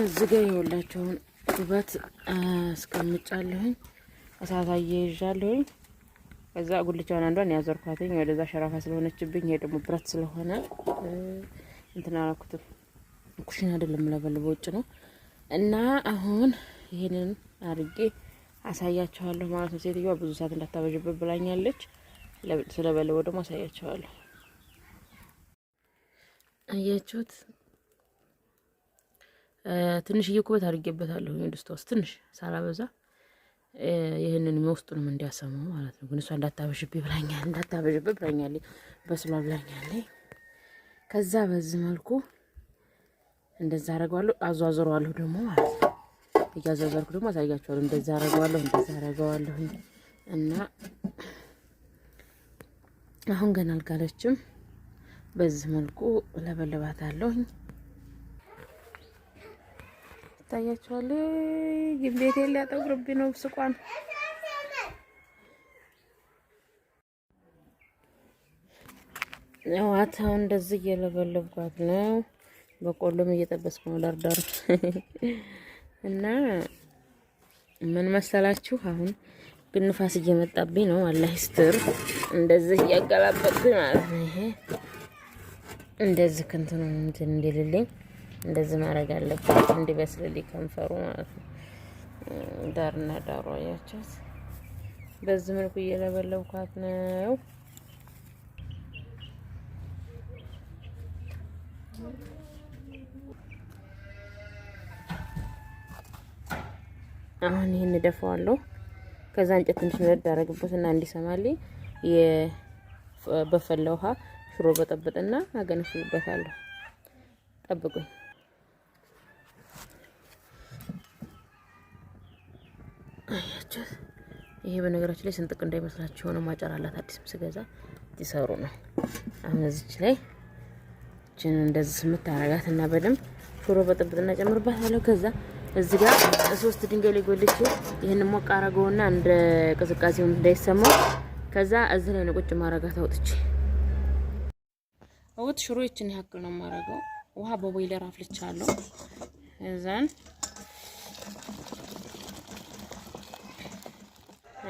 እዚህ ጋር የወላቸውን ዱበት አስቀምጫለሁኝ። እሳት አያይዣለሁኝ። ከዛ ጉልቻውን አንዷን ያዘርኳትኝ ወደዛ ሸራፋ ስለሆነችብኝ፣ ይሄ ደግሞ ብረት ስለሆነ እንትን አላኩትም። ኩሽን አይደለም ለበልበው በውጭ ነው እና አሁን ይህንን አድርጌ አሳያቸዋለሁ ማለት ነው። ሴትዮዋ ብዙ ሰዓት እንዳታበዥበት ብላኛለች። ስለበልበው ደግሞ አሳያቸዋለሁ አያችሁት? ትንሽ እየኩበት አድርጌበታለሁ ድስቷ ውስጥ ትንሽ ሳላበዛ ይህንን የውስጡንም እንዲያሰማው ማለት ነው። ግን እሷ እንዳታበሽብ ብላኛል፣ እንዳታበሽብ ብላኛል በስሏ ብላኛል። ከዛ በዚህ መልኩ እንደዛ አረገዋለሁ፣ አዟዙረዋለሁ ደግሞ ማለት ነው። እያዟዟርኩ ደግሞ አሳያቸዋለሁ። እንደዛ አረገዋለሁ፣ እንደዛ አረገዋለሁ እና አሁን ገና አልጋለችም። በዚህ መልኩ ለበለባት አለሁኝ። ይታያችኋል። ግን ቤቴን ሊያጠቁርብኝ ነው ብስቋን ዋታው እንደዚህ እየለበለብኳት ነው። በቆሎም እየጠበስኩ ነው ዳርዳር እና ምን መሰላችሁ አሁን ግንፋስ እየመጣብኝ ነው። አላህ ይስጥር። እንደዚህ እያገላበጥኩኝ ማለት ነው። ይሄ እንደዚህ ከንትኑ እንትን እንዲልልኝ እንደዚህ ማድረግ አለበት እንዲበስልልኝ ከንፈሩ ማለት ነው። ዳርና ዳሩ አያቻት። በዚህ መልኩ እየለበለብኳት ነው። አሁን ይሄን እደፋዋለሁ። ከዛ እንጨት ትንሽ ነድ እና እንዲሰማልኝ በፈላ ውሃ ሽሮ በጠብጥና አገነፍልበታለሁ። ጠብቁኝ። አያችሁት? ይሄ በነገራችን ላይ ስንጥቅ እንዳይመስላችሁ የሆነ ማጨራላት አዲስ አዲስም ስገዛ ይሰሩ ነው። አሁን እዚች ላይ እችን እንደዚህ ስምት አረጋት እና በደንብ ሹሮ በጥብጥና ጨምርባታለሁ። ከዛ እዚህ ጋር ሶስት ድንጋይ ላይ ጎልቼ ይህን ሞቅ አረገውና እንደ ቅዝቃዜውን እንዳይሰማው ከዛ እዚህ ላይ ነው ቁጭ ማረጋት አውጥቼ አውጥ ሹሮ ይችን ያክል ነው ማረገው። ውሃ በቦይለር አፍልቻለሁ እዛን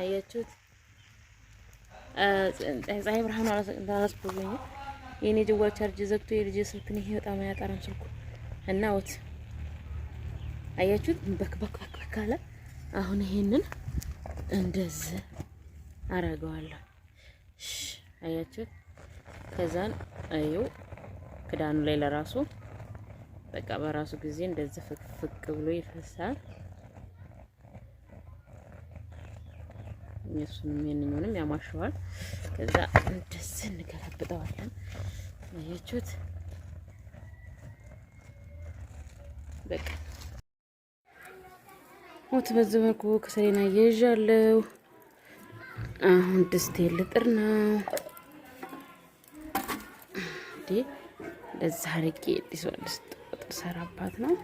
አያችሁት? ፀሐይ ብርሃኑ አላስበበኝ። የኔ ጀዋል ቻርጅ ዘግቶ የልጅ ስልክ ነው። ይሄ በጣም አያጠራም ስልኩ እና ወት አያችሁት? በክ በክ በክ በክ አለ። አሁን ይሄንን እንደዚህ አረገዋለሁ። አያችሁት? ከዛን አዩ ክዳኑ ላይ ለራሱ በቃ በራሱ ጊዜ እንደዚህ ፍቅፍቅ ብሎ ይፈሳል። እሱንም ይህንኛውንም ያሟሸዋል። ከዛ እንደዚህ እንገላብጠዋለን። ያያችሁት በቃ ሞት በዚህ መልኩ ከሰሌና እየዣለው። አሁን ድስት ልጥር ነው እንዴ ለዛ አርጌ ዲሶ ድስት ቁጥር ሰራባት ነው።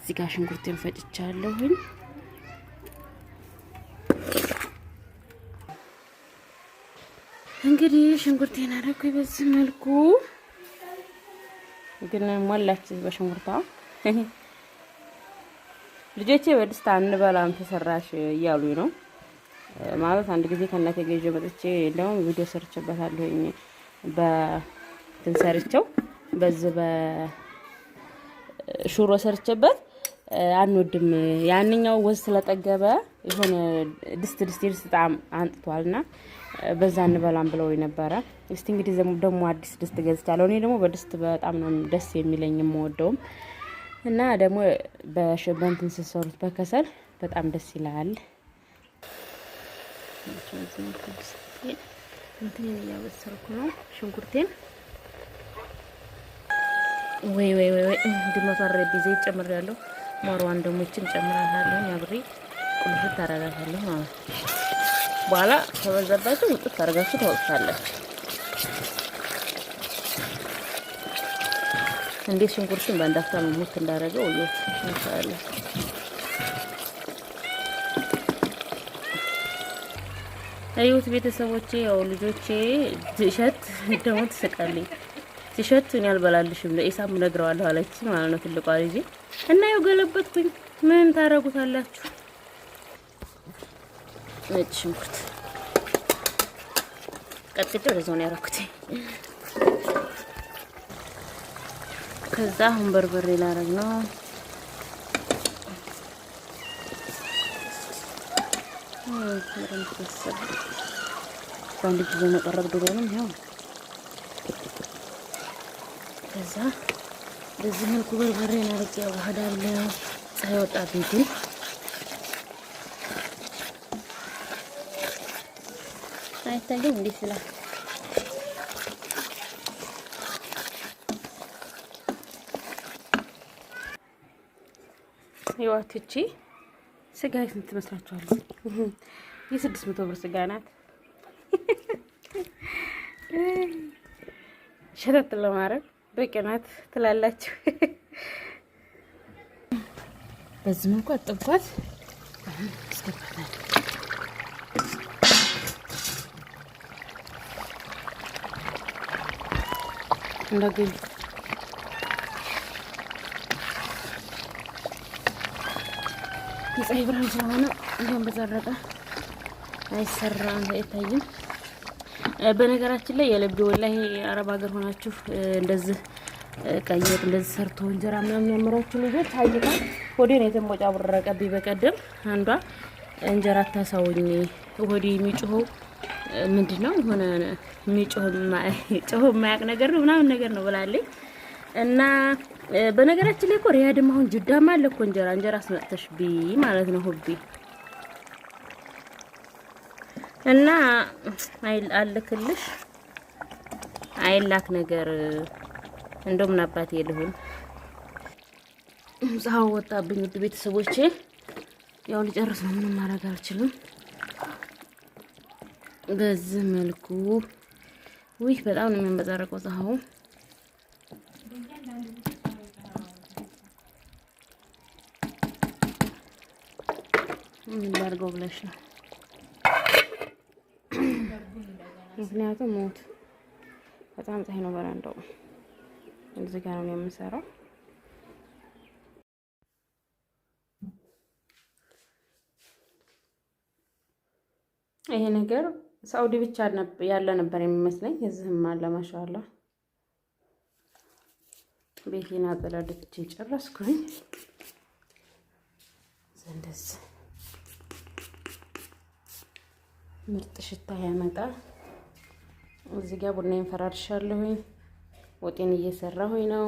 እዚህ ጋር ሽንኩርቴን ፈጭቻለሁኝ። እንግዲህ ሽንኩርቴን አደረኩ በዚህ መልኩ። ግን ሞላች በሽንኩርቷ። ልጆቼ በደስታ እንበላም ተሰራሽ እያሉኝ ነው ማለት አንድ ጊዜ ከእናቴ ገዥ መጥቼ እንደውም ቪዲዮ ሰርችበታለሁኝ በእንትን ሰርቸው በዚህ በሹሮ ሰርቼበት አንወድም ያንኛው ወዝ ስለጠገበ የሆነ ድስት ድስት ድስት ጣም አንጥቷልና በዛ እንበላም ብለው ነበረ። እስቲ እንግዲህ ደግሞ አዲስ ድስት ገዝቻለሁ። እኔ ደግሞ በድስት በጣም ነው ደስ የሚለኝ የምወደውም እና ደግሞ በሸበንትን ስሰሩት በከሰል በጣም ደስ ይላል። እንትን እያበሰርኩ ነው ሽንኩርቴን ወይ ወይ ወይ ወይ እንድመፈረ ጊዜ ጨምሬያለሁ። ማርዋን ደግሞ ደሞችን ጨምራታለሁ። ያብሬ ቁልፍት አደርጋታለሁ ማለት ነው። በኋላ ከበዛባችሁ ሙጡት አድርጋችሁ ታወጡታላችሁ። እንዴት ሽንኩርቱን በአንድ አፍታ ሙት እንዳደረገው ወይስ እንሰራለን። አዩት ቤተሰቦቼ፣ ያው ልጆቼ ትሸት ደግሞ ትስቃለች። ትሸት እኔ አልበላልሽም ለኢሳም እነግረዋለሁ አለች ማለት ነው። ትልቋ ልጅ እና ያው ገለበጥኩኝ። ምን ታረጉታላችሁ? ነጭ ሽንኩርት ቀጥቅጬ ወደዛው ነው ያደረኩት። ከዛ አሁን በርበሬ ላረግ ነው። በአንድ ጊዜ መቀረብ ድሮንም ያው ከዛ በዚህ መልኩ በርበሬ ናርቄ ያዋህዳለ ፀሐይ ወጣ ቤትን አይታይም? እንዴት ይላል? ህይወት እቺ ስጋ ስንት ትመስላችኋለች? የስድስት መቶ ብር ስጋ ናት። ሸተት ለማድረግ በቂ ናት ትላላችሁ። በዚህ መልኩ አጥብኳት አሁን አስገባታለሁ። እንዳገኙ የፀሐይ ብርሃን ስለሆነ እንዲሁም በዘረቀ አይሰራም አይታይም። በነገራችን ላይ የለብድ ወላሂ አረብ ሀገር ሆናችሁ እንደዚህ ቀይጥ እንደዚህ ሰርቶ እንጀራ ምናምን ያምራችሁ ልጆች አይታ ወደ ነው የተንቦጫ ቦረቀብኝ። በቀደም አንዷ እንጀራ ታሳውኝ ወዲ የሚጮኸው ምንድን ነው የሆነ የሚጮህ የማያውቅ ነገር ነው ምናምን ነገር ነው ብላለኝ። እና በነገራችን ላይ እኮ ሪያድም አሁን ጅዳም አለ እኮ እንጀራ እንጀራ አስመጥተሽ ቢ ማለት ነው ሁቢ እና አልክልሽ አይላክ ነገር እንደው ምን አባቴ ልሁን። ፀሐው ወጣብኝ። ውድ ቤተሰቦቼ ያው ልጨርስ ነው፣ ምንም ማድረግ አልችልም። በዚህ መልኩ ውይ በጣም ነው የሚያንበዛረቀው ፀሐው። ምን ላድርገው ብለሽ ነው? ምክንያቱም ሞት በጣም ፀሐይ ነው። በረንዳው እዚህ ጋር ነው ይሄ ነገር ሳውዲ ብቻ ያለ ነበር የሚመስለኝ። እዚህም አለ ማሻአላ። ቤቴን አጸዳድቼ ጨረስኩኝ። ዘንደስ ምርጥ ሽታ ያመጣ። እዚህ ጋር ቡና ፈራርሻለሁኝ። ወጤን እየሰራሁኝ ነው።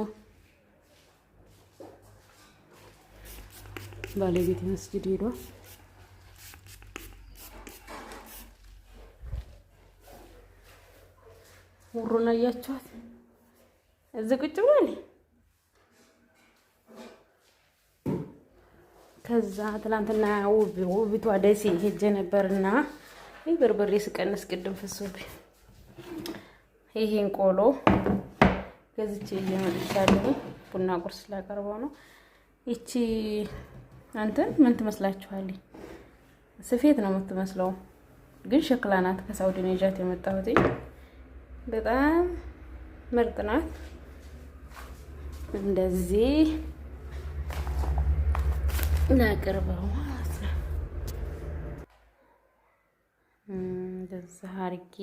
ባለቤት መስጊድ ሄዷል። ሆና እያችኋት እዚህ ቁጭ ብሏል። ከዛ ትላንትና ውብ ውቢቷ ደሴ ሄጄ ነበርና ይህ በርበሬ ስቀንስ ቅድም ፍሱብ ይሄን ቆሎ ገዝቼ እየመጥቻለሁ። ቡና ቁርስ ላቀርበው ነው። ይቺ አንተን ምን ትመስላችኋል? ስፌት ነው የምትመስለው፣ ግን ሸክላ ናት። ከሳውዲ ነጃት የመጣሁት በጣም ምርጥ ናት። እንደዚህ እናቅርበው ማለት ነው። እንደዚህ አድርጌ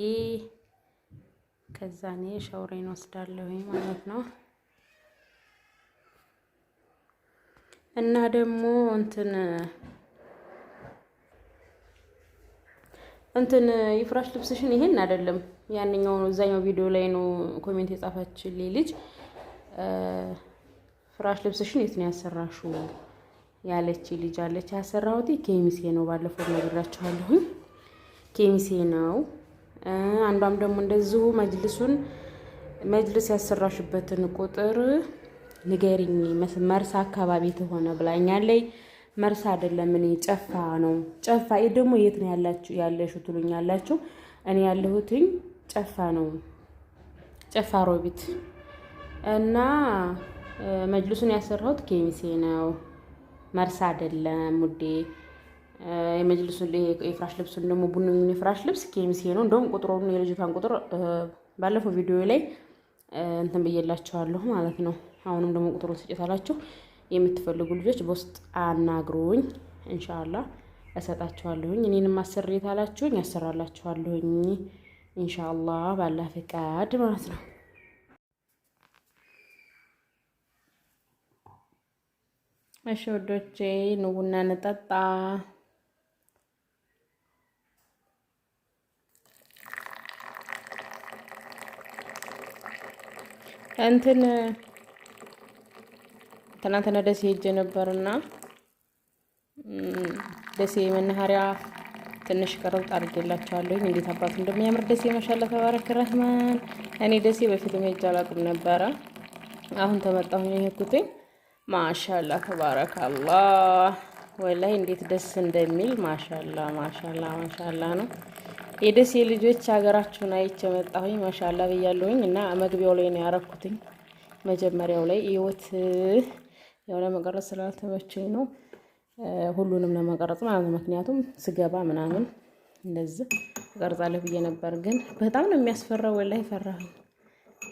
ከዛ እኔ ሸውሬን ወስዳለሁኝ ማለት ነው። እና ደግሞ እንትን እንትን ይፍራሽ ልብስሽን ይሄን አይደለም ያንኛው እዛኛው ቪዲዮ ላይ ነው ኮሜንት የጻፈችልኝ ልጅ ፍራሽ ልብስሽን የት ነው ያሰራሹ ያለች ልጅ አለች። ያሰራሁት ኬሚሴ ነው፣ ባለፈው ነግራችኋለሁኝ። ኬሚሴ ነው። አንዷም ደግሞ እንደዚሁ መጅልሱን መጅልስ ያሰራሽበትን ቁጥር ንገሪኝ መርሳ አካባቢ ተሆነ ብላኛለች። መርሳ አይደለም እኔ ጨፋ ነው። ጨፋ ደግሞ የት ነው ያላችሁ ያለሽው ትሉኛላችሁ። እኔ ያለሁትኝ ጨፋ ነው፣ ጨፋ ሮቢት እና መጅልሱን ያሰራሁት ኬሚሴ ነው፣ መርሳ አይደለም ውዴ። የመጅልሱን የፍራሽ ልብሱን ደግሞ ቡኒውን የፍራሽ ልብስ ኬሚሴ ነው። እንደውም ቁጥሩን የልጅቷን ቁጥር ባለፈው ቪዲዮ ላይ እንትን ብዬላችኋለሁ ማለት ነው። አሁንም ደግሞ ቁጥሩን ስጭታላችሁ። የምትፈልጉ ልጆች በውስጥ አናግሩኝ። እንሻላ እሰጣችኋለሁኝ። እኔንም አሰሬት አላችሁኝ ያሰራላችኋለሁኝ፣ እንሻላ ባላ ፍቃድ ማለት ነው። እሺ ወዶቼ ኑ እንጠጣ። እንትን ትናንትና ደሴ ሄጄ ነበርና ደሴ መናኸሪያ ትንሽ ቀረብጥ አድርጌላቸዋለሁ። እንዴት አባቱ እንደሚያምር ደሴ ማሻላ ተባረክ ረህማን። እኔ ደሴ በፊት ሄጄ አላውቅም ነበረ። አሁን ተመጣሁኝ የሄድኩትኝ። ማሻላ ተባረክ አላህ ወላይ እንዴት ደስ እንደሚል ማሻላ ማሻላ ማሻላ ነው። የደሴ ልጆች ሀገራችሁን አይቼ መጣሁኝ ማሻላ ብያለሁኝ እና መግቢያው ላይ ነው ያረኩትኝ መጀመሪያው ላይ ይወት ያው ለመቀረጽ ስላልተመቸኝ ነው ሁሉንም ለመቀረጽ ማለት ነው። ምክንያቱም ስገባ ምናምን እንደዚህ እቀርጻለሁ ብዬ ነበር፣ ግን በጣም ነው የሚያስፈራው። ወላሂ ፈራሁ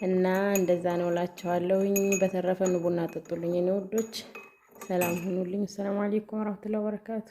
እና እንደዛ ነው እላቸዋለሁኝ። በተረፈ ኑ ቡና ጠጡልኝ፣ እኔ ውዶች፣ ሰላም ሁኑልኝ። አሰላሙ አለይኩም ወራህመቱላሂ ወበረካቱ